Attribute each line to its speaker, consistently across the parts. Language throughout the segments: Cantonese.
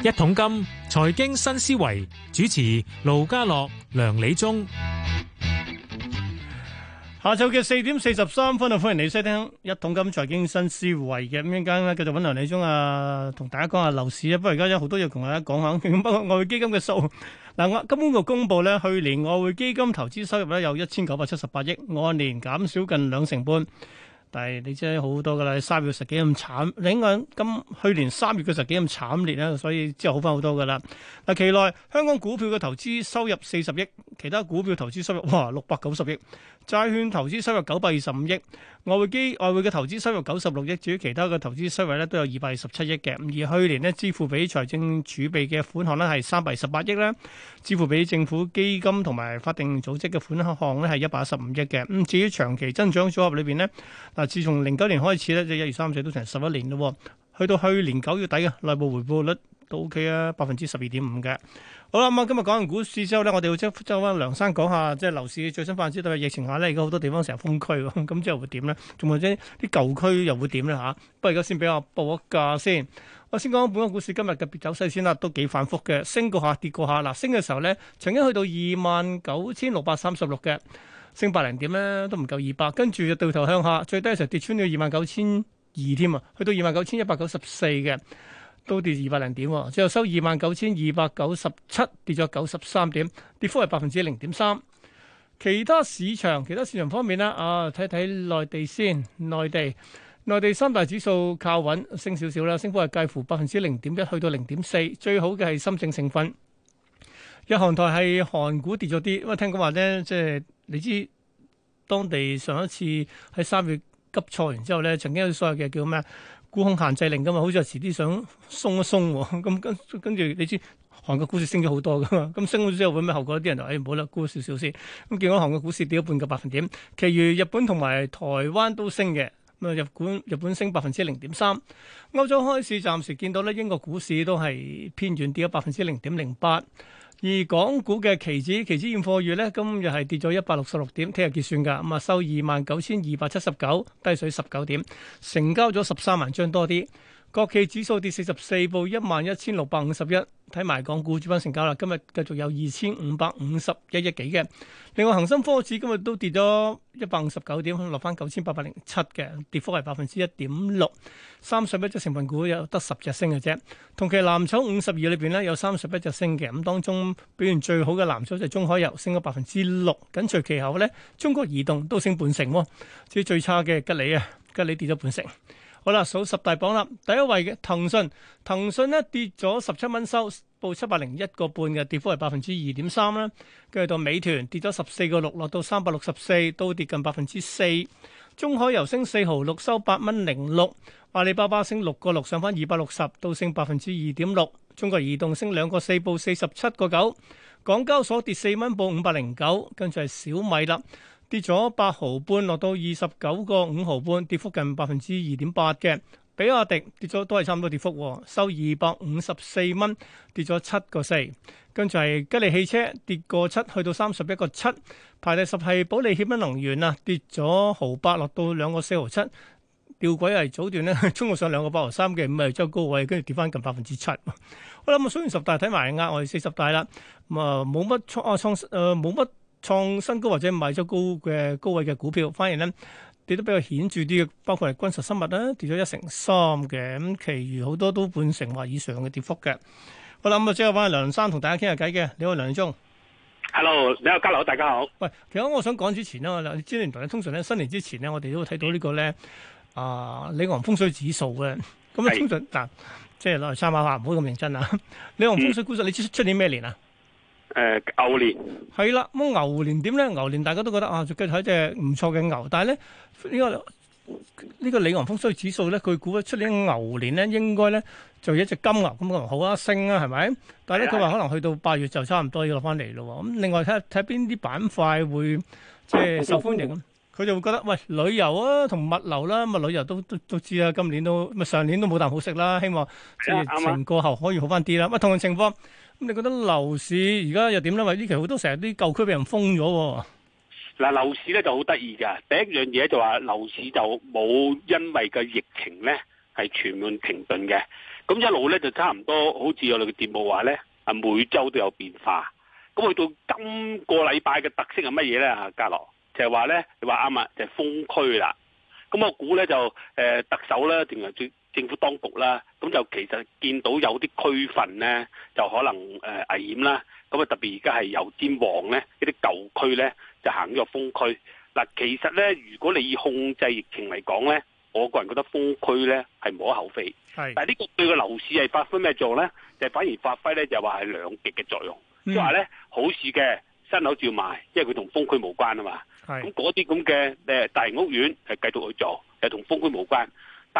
Speaker 1: 一桶金財經新思維，主持盧家樂、梁理中，下晝嘅四點四十三分啊，歡迎你收聽一桶金財經新思維嘅，咁一陣間咧，繼續揾梁理中啊，同大家講下樓市啊，不過而家有好多嘢同大家講下，不過外匯基金嘅數嗱，我金管局公布咧，去年外匯基金投資收入咧有一千九百七十八億，按年減少近兩成半。但係你真係好多噶啦，三月十幾咁慘，你應該今去年三月嘅十幾咁慘烈啦，所以之後好翻好多噶啦。嗱，期內香港股票嘅投資收入四十億，其他股票投資收入哇六百九十億，債券投資收入九百二十五億，外匯基外匯嘅投資收入九十六億，至於其他嘅投資收入咧都有二百二十七億嘅。而去年呢，支付俾財政儲備嘅款項呢，係三百二十八億啦。支付俾政府基金同埋法定組織嘅款項呢，係一百一十五億嘅。咁至於長期增長組合裏邊呢。嗱，自從零九年開始咧，即係一月三四都成十一年咯。去到去年九月底嘅內部回報率都 O K 啊，百分之十二點五嘅。好啦，咁、嗯、啊，今日講完股市之後咧，我哋會將翻梁生講下即係樓市最新發展。但係疫情下咧，而家好多地方成日封區，咁之後會點咧？仲或者啲舊區又會點咧？嚇！不過而家先俾我報一價先。我先講本港股市今日嘅別走勢先啦，都幾反覆嘅，升過下跌過下。嗱，升嘅時候咧，曾經去到二萬九千六百三十六嘅。升百零點咧，都唔夠二百。跟住就掉頭向下，最低嘅時候跌穿咗二萬九千二添啊！去到二萬九千一百九十四嘅，都跌二百零點喎。最後收二萬九千二百九十七，跌咗九十三點，跌幅係百分之零點三。其他市場，其他市場方面啦啊，睇睇內地先。內地內地三大指數靠穩，升少少啦，升幅係介乎百分之零點一，去到零點四。最好嘅係深證成分。日韓台係韓股跌咗啲，因為聽講話咧，即係你知當地上一次喺三月急挫完之後咧，曾經有所謂嘅叫咩沽空限制令噶嘛，好似話遲啲想鬆一鬆咁、嗯。跟跟住你知韓國股市升咗好多噶嘛，咁、嗯、升咗之後會咩後果？啲人就誒、唔好啦，沽少少先咁。結果韓國股市跌咗半個百分點，其餘日本同埋台灣都升嘅咁啊。日本日本升百分之零點三。歐洲開市暫時見到咧，英國股市都係偏軟跌咗百分之零點零八。而港股嘅期指、期指現貨月呢，今日係跌咗一百六十六點，聽日結算噶。咁啊，收二萬九千二百七十九，低水十九點，成交咗十三萬張多啲。國企指數跌四十四，報一萬一千六百五十一。睇埋港股主板成交啦，今日繼續有二千五百五十一億幾嘅。另外恒生科指今日都跌咗一百五十九點，落翻九千八百零七嘅，跌幅係百分之一點六。三十一隻成分股有得十隻升嘅啫。同期藍籌五十二裏邊咧有三十一隻升嘅，咁當中表現最好嘅藍籌就係中海油升咗百分之六，緊隨其後咧中國移動都升半成，至於最差嘅吉利啊，吉利跌咗半成。好啦，數十大榜啦，第一位嘅騰訊，騰訊呢跌咗十七蚊收，報七百零一個半嘅，跌幅係百分之二點三啦。跟住到美團跌咗十四個六，落到三百六十四，都跌近百分之四。中海油升四毫六，收八蚊零六。阿里巴巴升六個六，上返二百六十，都升百分之二點六。中國移動升兩個四，報四十七個九。港交所跌四蚊，報五百零九。跟住係小米啦。跌咗八毫半，落到二十九個五毫半，跌幅近百分之二點八嘅。比亞迪跌咗都係差唔多跌幅，收二百五十四蚊，跌咗七個四。跟住係吉利汽車跌過七，去到三十一個七。排第十係保利協鑫能源啊，跌咗毫八，落到兩個四毫七。吊詭係早段咧，衝 到上兩個八毫三嘅，五日周高位，跟住跌翻近百分之七。好啦，咁所以十大睇埋額外四十大啦。咁、呃、啊，冇乜創啊創，誒冇乜。創新高或者買咗高嘅高位嘅股票，反而咧跌得比較顯著啲嘅，包括係君實生物啦，跌咗一成三嘅，咁其餘好多都半成或以上嘅跌幅嘅。好啦，咁啊，最後翻梁生同大家傾下偈嘅，你好梁理中，Hello，你好交流，大家好。喂，其實我想講之前咧，我知你知唔知通常咧新年之前咧，我哋都會睇到個呢個咧，啊，李鴻風水指數嘅，咁 常是啊，常嗱，即係攞嚟參考下，唔好咁認真啊。李 鴻風水估數，你知出年咩年啊？
Speaker 2: 誒，牛年
Speaker 1: 係啦，咁、啊、牛年點咧？牛年大家都覺得啊，繼續睇隻唔錯嘅牛，但係咧呢個呢個里昂風水指數咧，佢估得出年牛年咧，應該咧就一隻金牛咁，可能好啊，升啊，係咪？但係咧，佢話可能去到八月就差唔多要落翻嚟咯。咁另外睇睇邊啲板塊會即係、呃、受歡迎，佢、啊嗯、就會覺得喂，旅遊啊，同物流啦，咁啊，呃、旅遊都都都知啦，今年都咪、呃、上年都冇啖好食啦，希望疫情過後可以好翻啲啦。咁同樣情況。你覺得樓市而家又點咧？因為呢期好多成日啲舊區俾人封咗，啊。
Speaker 2: 嗱，樓市咧就好得意㗎，第一樣嘢，就話樓市就冇因為個疫情咧係全面停頓嘅。咁一路咧就差唔多，好似我哋嘅節目話咧，啊，每周都有變化。咁去到今個禮拜嘅特色係乜嘢咧？啊，家樂就係話咧，你話啱啊，就係封區啦。咁我估咧就誒，呃、特首咧定係最。政府當局啦，咁就其實見到有啲區份咧，就可能誒、呃、危險啦。咁啊，特別而家係油尖旺咧，一啲舊區咧就行咗封區。嗱，其實咧，如果你以控制疫情嚟講咧，我個人覺得封區咧係無可厚非。係是，但係呢個對個樓市係發揮咩作用咧？就反而發揮咧就話係兩極嘅作用，即係話咧好事嘅新樓照賣，因為佢同封區無關啊嘛。係是，咁嗰啲咁嘅誒大型屋苑係繼續去做，就同封區無關。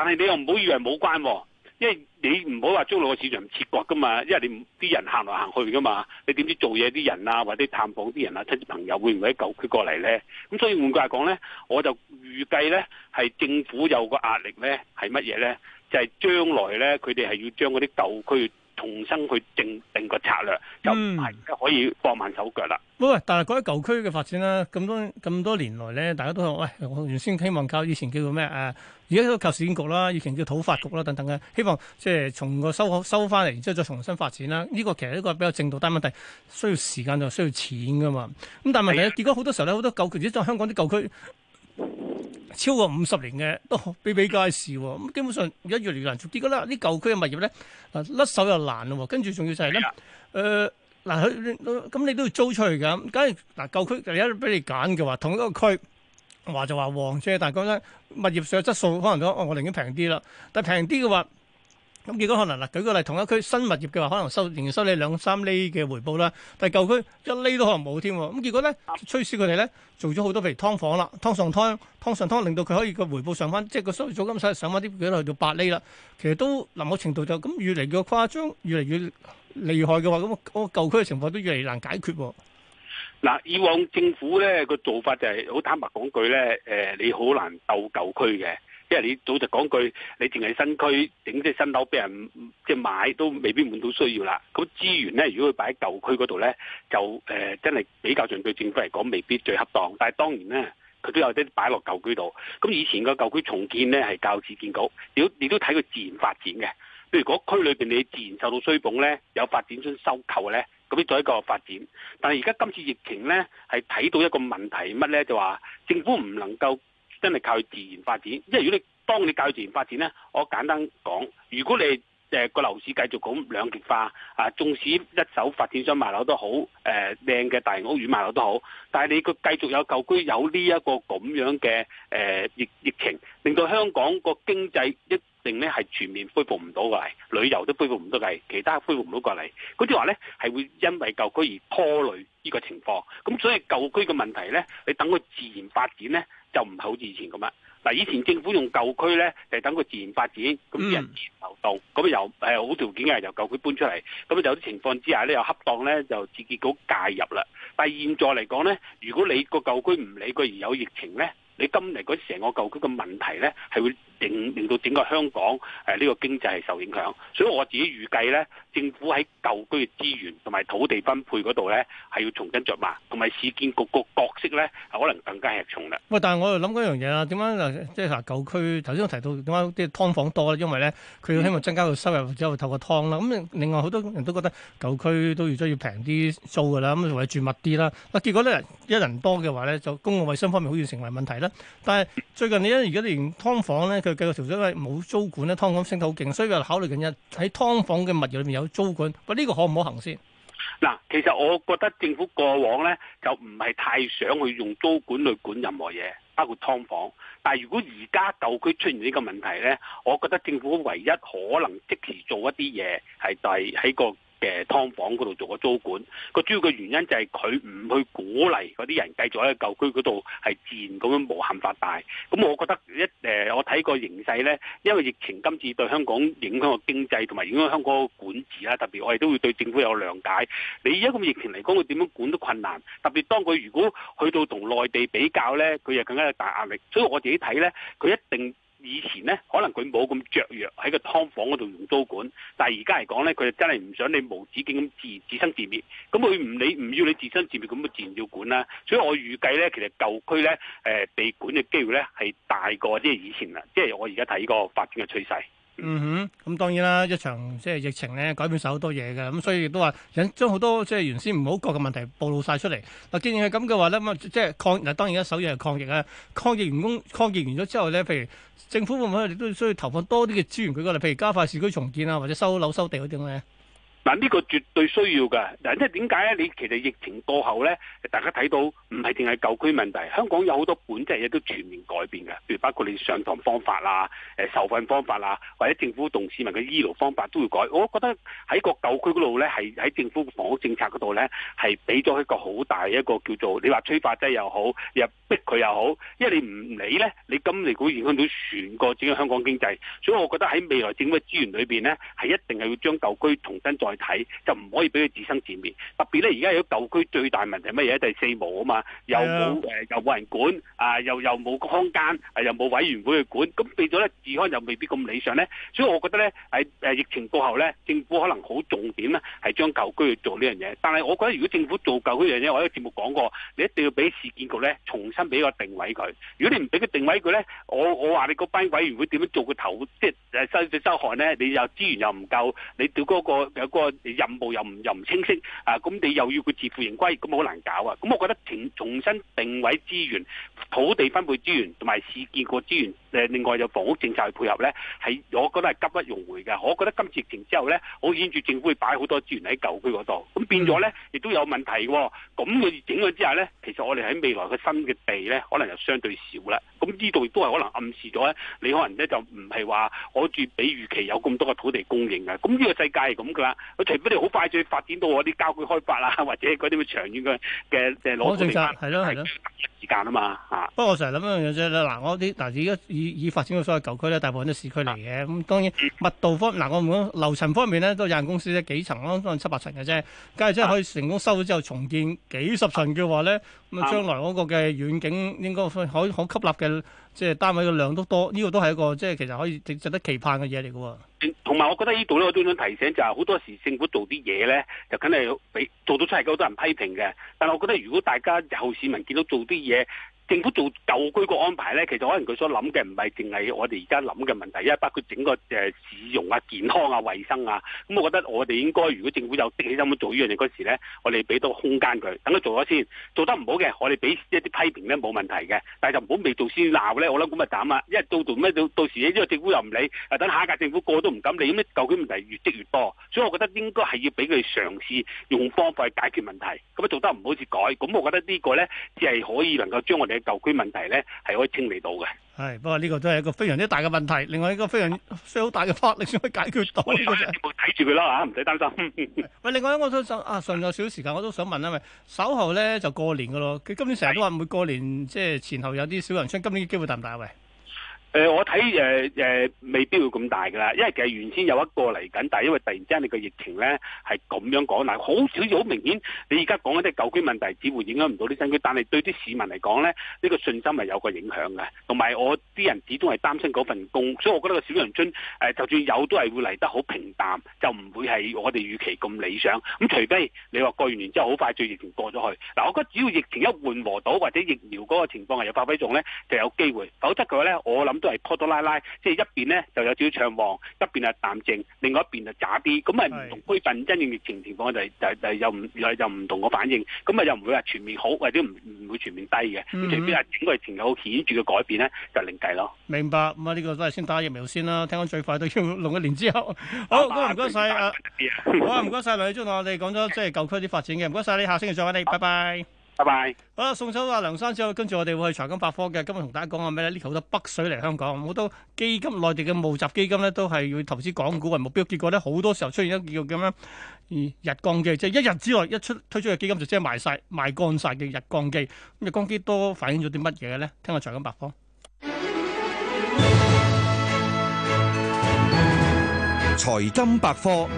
Speaker 2: 但係你又唔好以為冇關、啊，因為你唔好話中路個市場唔切割噶嘛，因為你啲人行來行去噶嘛，你點知做嘢啲人啊，或者探訪啲人啊，親戚朋友會唔會喺舊區過嚟咧？咁所以換句話講咧，我就預計咧係政府有個壓力咧，係乜嘢咧？就係、是、將來咧，佢哋係要將嗰啲舊區。重新去定定個策略，就係可以放慢手腳啦、
Speaker 1: 嗯。喂，但係嗰啲舊區嘅發展啦，咁多咁多年來咧，大家都話：喂，我原先希望靠以前叫做咩？誒、啊，而家都靠市建局啦，以前叫土發局啦等等嘅，希望即係、呃、從個收收翻嚟，然之後再重新發展啦。呢、這個其實一個比較正道，但問題需要時間就需要錢噶嘛。咁但係問題係，的結果好多時候咧，好多舊區，即係香港啲舊區。超過五十年嘅都比比皆是，哦，咁基本上而家越嚟越難做啲噶啦。啲舊區嘅物業咧，嗱甩手又難咯，哦，跟住仲要就係、是、咧，誒、呃、嗱，佢咁你都要租出去噶，咁梗係嗱舊區就而家俾你揀嘅話，同一個區話就話旺啫，但係講緊物業上質素可能都哦，我寧願平啲啦，但係平啲嘅話。咁結果可能嗱，舉個例，同一區新物業嘅話，可能仍然收你兩三厘嘅回報啦，但係舊區一厘都可能冇添喎。咁結果咧，催銷佢哋咧做咗好多，譬如劏房啦，劏上劏，劏上劏，令到佢可以個回報上翻，即係個收益租金收入上翻啲幾多去到八厘啦。其實都臨個程度就咁，越嚟越誇張，越嚟越厲害嘅話，咁個舊區嘅情況都越嚟越難解決喎。嗱，
Speaker 2: 以往政府咧個做法就係好坦白講句咧，誒你好難鬥舊區嘅。即係你早就講句，你淨係新區整啲新樓俾人即係買都未必滿到需要啦。咁資源咧，如果佢擺喺舊區嗰度咧，就誒、呃、真係比較上對政府嚟講未必最恰當。但係當然咧，佢都有啲擺落舊區度。咁以前個舊區重建咧係較遲見到，如果你都睇佢自然發展嘅。譬如嗰區裏邊你自然受到追捧咧，有發展商收購咧，咁啲再一個發展。但係而家今次疫情咧係睇到一個問題乜咧，就話政府唔能夠，真係靠自然發展，因為如果你當你靠佢自然發展呢，我簡單講，如果你誒個、呃、樓市繼續咁兩極化啊，縱使一手發展商賣樓都好，誒靚嘅大型屋苑賣樓都好，但係你個繼續有舊區有呢、這、一個咁樣嘅誒疫疫情，令到香港個經濟一定咧係全面恢復唔到過嚟，旅遊都恢復唔到過嚟，其他恢復唔到過嚟，嗰啲話呢係會因為舊區而拖累呢個情況，咁所以舊區嘅問題呢，你等佢自然發展呢。呢呢就唔係好似以前咁啦。嗱，以前政府用舊區咧，就係、等佢自然發展，咁人自然流動，咁又係好條件嘅，由舊區搬出嚟。咁就有啲情況之下咧，又恰當咧，就自己嗰介入啦。但係現在嚟講咧，如果你個舊區唔理佢而有疫情咧，你今嚟嗰成個舊區嘅問題咧，係會。令到整個香港誒呢個經濟係受影響，所以我自己預計咧，政府喺舊區嘅資源同埋土地分配嗰度咧，係要重新著碼，同埋市建局個角色咧，可能更加吃重啦。
Speaker 1: 喂，但係我又諗嗰樣嘢啦，點解嗱即係嗱舊區頭先我提到點解啲劏房多咧？因為咧佢希望增加個收入，嗯、或者透過劏啦。咁另外好多人都覺得舊區都預咗要平啲租㗎啦，咁或者住密啲啦。嗱，結果咧，一人多嘅話咧，就公共衞生方面好似成為問題啦。但係最近你一而家連劏房咧～佢嘅條數因為冇租管咧，劏房升得好勁，所以考慮緊一喺劏房嘅物業裏面有租管，咁呢個可唔可行先？
Speaker 2: 嗱，其實我覺得政府過往咧就唔係太想去用租管去管任何嘢，包括劏房。但係如果而家舊區出現呢個問題咧，我覺得政府唯一可能即時做一啲嘢，係就係喺個。嘅劏房嗰度做個租管，個主要嘅原因就係佢唔去鼓勵嗰啲人繼續喺舊區嗰度係自然咁樣無限發大。咁我覺得一誒，我睇個形勢咧，因為疫情今次對香港影響個經濟同埋影響香港個管治啦，特別我哋都會對政府有諒解。你而家咁疫情嚟講，佢點樣管都困難，特別當佢如果去到同內地比較咧，佢又更加有大壓力。所以我自己睇咧，佢一定。以前咧，可能佢冇咁著藥喺個劏房嗰度用刀管，但係而家嚟講咧，佢真係唔想你無止境咁自自生自滅，咁佢唔理唔要你自生自滅，咁佢自然要管啦、啊。所以我預計咧，其實舊區咧，誒、呃，被管嘅機會咧係大過即係以前啦，即、就、係、是、我而家睇個發展嘅趨勢。
Speaker 1: 嗯哼，咁、嗯、當然啦，一場即係、就是、疫情咧，改變晒好多嘢㗎，咁所以亦都話引將好多即係、就是、原先唔好覺嘅問題暴露晒出嚟。嗱，既然係咁嘅話咧，咁即係抗，嗱當然啦，首要係抗疫啊，抗疫完工，抗疫完咗之後咧，譬如政府會唔會都需要投放多啲嘅資源佢嗰嚟，譬如加快市區重建啊，或者收樓收地嗰啲咁咧？
Speaker 2: 但呢個絕對需要嘅，嗱，即係點解咧？你其實疫情過後咧，大家睇到唔係淨係舊區問題，香港有好多本質嘢都全面改變嘅，譬如包括你上堂方法啦，誒受訓方法啦，或者政府同市民嘅醫療方法都要改。我覺得喺個舊區嗰度咧，係喺政府房屋政策嗰度咧，係俾咗一個好大一個叫做你話催化劑又好，又逼佢又好，因為你唔理咧，你今年會影響到全個整個香港經濟，所以我覺得喺未來政府嘅資源裏邊咧，係一定係要將舊區重新再。睇就唔可以俾佢自生自滅。特別咧，而家有舊區最大問題乜嘢？第四無啊嘛，又冇誒，又冇人管啊，又又冇個空間，又冇委員會去管。咁變咗咧，治安又未必咁理想咧。所以，我覺得咧喺誒疫情過後咧，政府可能好重點咧，係將舊區去做呢樣嘢。但係，我覺得如果政府做舊區呢樣嘢，我喺節目講過，你一定要俾市建局咧重新俾個定位佢。如果你唔俾佢定位佢咧，我我話你嗰班委員會點樣做個頭，即係收收汗咧，你又資源又唔夠，你調嗰個。個任務又唔又唔清晰，啊，咁你又要佢自負盈虧，咁好難搞啊！咁我覺得重重新定位資源、土地分配資源同埋市建個資源。誒，另外有房屋政策去配合咧，係我覺得係急不容回嘅。我覺得今次疫情之後咧，好顯著政府會擺好多資源喺舊區嗰度，咁變咗咧，亦都有問題喎、哦。咁佢整咗之後咧，其實我哋喺未來嘅新嘅地咧，可能就相對少啦。咁呢度亦都係可能暗示咗，你可能咧就唔係話我住比預期有咁多嘅土地供應嘅。咁呢個世界係咁㗎啦，佢除非你好快就發展到我啲郊區開發啊，或者嗰啲咁長遠嘅嘅嘅攞政策係咯
Speaker 1: 係咯。時間啊
Speaker 2: 嘛，啊！
Speaker 1: 不過我成日諗一樣嘢啫，嗱，我啲嗱，而家已已發展到所謂舊區咧，大部分都係市區嚟嘅，咁當然密度方面，嗱，我唔講樓層方面咧，都有間公司咧，幾層咯，可能七八層嘅啫，假如真係可以成功收咗之後重建幾十層嘅話咧，咁啊將來嗰個嘅遠景應該可以好吸納嘅。即係單位嘅量都多，呢個都係一個即係其實可以值得期盼嘅嘢嚟嘅。
Speaker 2: 同埋我覺得呢度咧，我都想提醒就係好多時政府做啲嘢咧，就肯定係俾做到出嚟嘅好多人批評嘅。但係我覺得如果大家有市民見到做啲嘢，政府做舊區個安排咧，其實可能佢所諗嘅唔係淨係我哋而家諗嘅問題，一包括整個誒市容啊、健康啊、衞生啊。咁、嗯、我覺得我哋應該，如果政府有起心去做呢樣嘢嗰時咧，我哋俾到空間佢，等佢做咗先。做得唔好嘅，我哋俾一啲批評咧冇問題嘅。但係就唔好未做先鬧咧。我諗咁啊慘啦，因為到做咩到到時呢個政府又唔理，等下一屆政府過都唔敢理，咁咧舊區問題越積越多。所以我覺得應該係要俾佢嘗試用方法去解決問題。咁、嗯、啊做得唔好似改。咁我覺得個呢個咧只係可以能夠將我哋。舊區問題咧，係可以清理到
Speaker 1: 嘅。係，不過呢個都係一個非常之大嘅問題，另外一個非常需好、啊、大嘅法力先可以解決到。我
Speaker 2: 睇住佢啦嚇，唔使
Speaker 1: 擔心。喂，另外咧，我都想啊，尚有少少時間，我都想問啊，咪稍後咧就過年嘅咯。佢今年成日都話唔會過年，即係前後有啲小陽春，今年嘅機會大唔大啊？喂？
Speaker 2: 誒、呃，我睇誒誒，未必會咁大㗎啦，因為其實原先有一個嚟緊，但係因為突然之間你個疫情咧係咁樣講，嗱，好少好明顯，你而家講緊啲舊區問題，只會影響唔到啲新區，但係對啲市民嚟講咧，呢、這個信心係有個影響嘅。同埋我啲人始終係擔心嗰份工，所以我覺得個小陽春誒，就算有都係會嚟得好平淡，就唔會係我哋預期咁理想。咁除非你話過完年之後好快，最疫情過咗去，嗱，我覺得只要疫情一緩和到，或者疫苗嗰個情況係有發揮作用咧，就有機會。否則嘅話咧，我諗。都係拖拖拉拉，即係一邊咧就有少少暢旺，一邊啊淡靜，另外一邊啊假啲，咁啊唔同區份因應疫情情況，就係就係又唔又係唔同個反應，咁啊又唔會話全面好或者唔唔會全面低嘅，咁除非啊整個情有顯著嘅改變咧，就另計咯。
Speaker 1: 明白，咁啊呢個都係先打疫苗先啦，聽講最快都要六一年之後。好，唔該唔該曬啊，好啊，唔該曬理中，我哋講咗即係舊區啲發展嘅，唔該曬你，下星期再揾你，拜拜。 拜拜！好啦，送走阿梁生之後，跟住我哋會去財金百科嘅。今日同大家講下咩呢？呢期好多北水嚟香港，好多基金內地嘅募集基金呢，都係要投資港股為目標。結果呢，好多時候出現一件叫咩呢？日光機，即係一日之內一出推出嘅基金就即係賣晒賣乾晒嘅日光機。日光機都反映咗啲乜嘢呢？聽下財金百科。財金百科。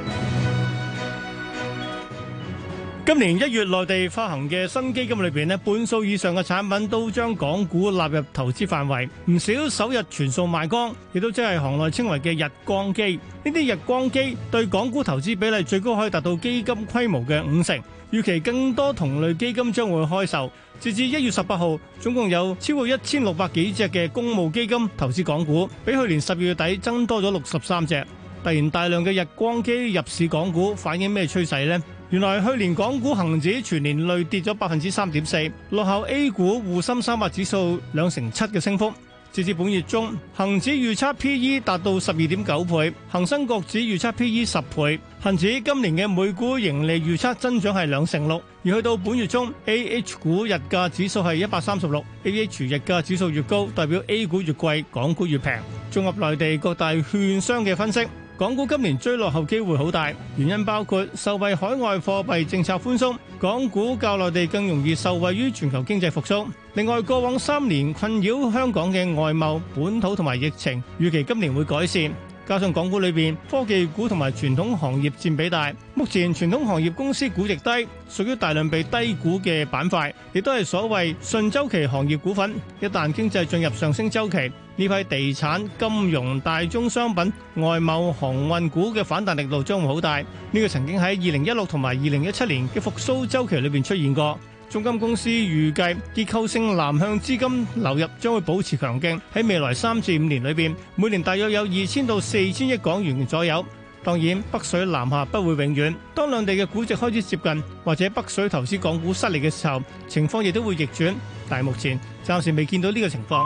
Speaker 1: 今年一月內地發行嘅新基金裏邊呢，半數以上嘅產品都將港股納入投資範圍，唔少首日全數賣光，亦都即係行內稱為嘅日光機。呢啲日光機對港股投資比例最高可以達到基金規模嘅五成，預期更多同類基金將會開售。截至一月十八號，總共有超過一千六百幾隻嘅公募基金投資港股，比去年十二月底增多咗六十三隻。突然大量嘅日光機入市港股，反映咩趨勢呢？原來去年港股恒指全年累跌咗百分之三點四，落後 A 股滬深三百指數兩成七嘅升幅。截至本月中，恒指預測 P/E 達到十二點九倍，恒生國指預測 P/E 十倍。恒指今年嘅每股盈利預測增長係兩成六，而去到本月中，A/H 股日價指數係一百三十六，A/H 日價指數越高，代表 A 股越貴，港股越平。綜合內地各大券商嘅分析。港股今年追落後機會好大，原因包括受惠海外貨幣政策寬鬆，港股較內地更容易受惠於全球經濟復蘇。另外，過往三年困擾香港嘅外貿、本土同埋疫情，預期今年會改善。加上港股裏邊科技股同埋傳統行業佔比大，目前傳統行業公司估值低，屬於大量被低估嘅板塊，亦都係所謂順周期行業股份。一旦經濟進入上升周期，呢批地產、金融、大宗商品、外貿、航運股嘅反彈力度將會好大。呢、這個曾經喺二零一六同埋二零一七年嘅復蘇周期裏邊出現過。中金公司預計，結構性南向資金流入將會保持強勁，喺未來三至五年裏邊，每年大約有二千到四千億港元左右。當然，北水南下不會永遠，當兩地嘅估值開始接近，或者北水投資港股失利嘅時候，情況亦都會逆轉。但係目前暫時未見到呢個情況。